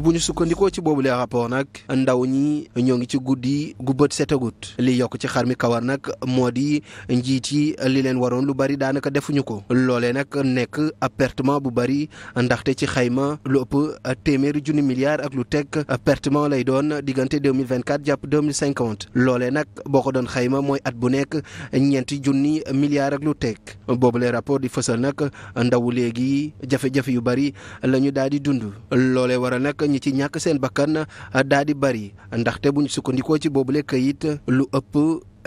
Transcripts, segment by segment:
bu ñu sukkandikoo ci boobu les rapport nag ndaw ñi ñoo ngi ci guddi gu bët set setagut li yokk ci xar mi kawar nag moo di njiit yi li leen waroon lu bari daanaka defuñu ko loole nag nekk pertement bu bari ndaxte ci xayma lu ëpp téeméeri junni milliards ak lu teg pertement lay doon diggante 2024 jàpp 2050 loolee nag boo ko doon xayma mooy at bu nekk ñeenti junni milliards ak lu teg boobu les rapport di fësal nag ndawu léegi jafe-jafe yu bari la ñu di dund loolee waral nag ñi ci ñàkk seen bakkan daal di bari ndaxte bu ñu sukkandikoo ci boobule kayit lu ëpp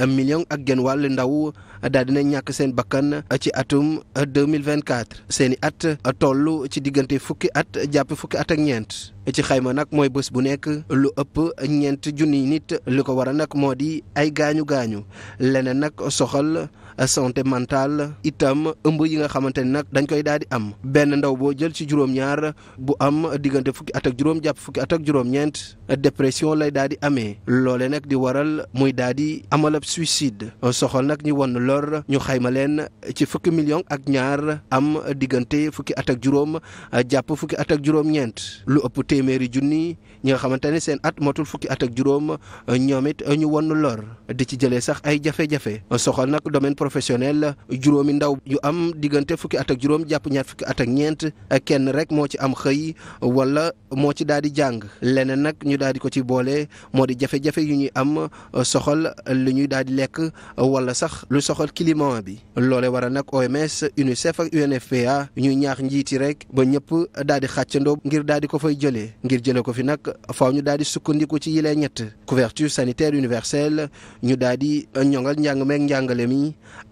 un million ak genn wàll ndaw daal dina ñàkk seen bakkan ci atum 2024 seeni at toll ci diggante fukki at jàpp fukki at ak ñeent ci xayma nag mooy bés bu nekk lu ëpp ñeent junniy nit li ko waral nag moo di ay gaañu gaañu leneen nag soxal santé mentale itam ëmb yi nga xamante ne nag dañ koy daal di am benn ndaw boo jël ci juróom-ñaar bu am diggante fukki at ak juróom jàpp fukki at ak juróom-ñeent dépression lay daal di amee loole nag di waral muy daal di ab suicide soxal nag ñu won lor ñu xayma leen ci fukki million ak ñaar am diggante fukki at ak juróom jàpp fukki at ak juróom-ñeent lu ëpp téeméeri junni ñi nga xamante ne seen at motul fukki at ak juróom ñoom it ñu won lor di ci jëlee sax ay jafe-jafe soxal nag domaine professionnel juróomi ndaw yu am diggante fukki at ak juróom jàpp ñaar fukki at ak ñeent kenn rek moo ci am xëy wala moo ci daal di jàng leneen nag ñu daal di ko ci boole moo di jafe-jafe yu ñuy am soxal li ñuy daal di lekk wala sax lu soxal climat bi loole waral nag OMS UNICEF ak UNFPA ñuy ñaax njiit yi rek ba ñëpp daal di xàccandoo ngir daal di ko fay jëlee ngir jëlee ko fi nag faaw ñu daal di sukkandiku ci yilee ñett couverture sanitaire universelle ñu daal di ñoŋal njàng meek njàngale mi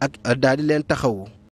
ak daal di leen taxawu.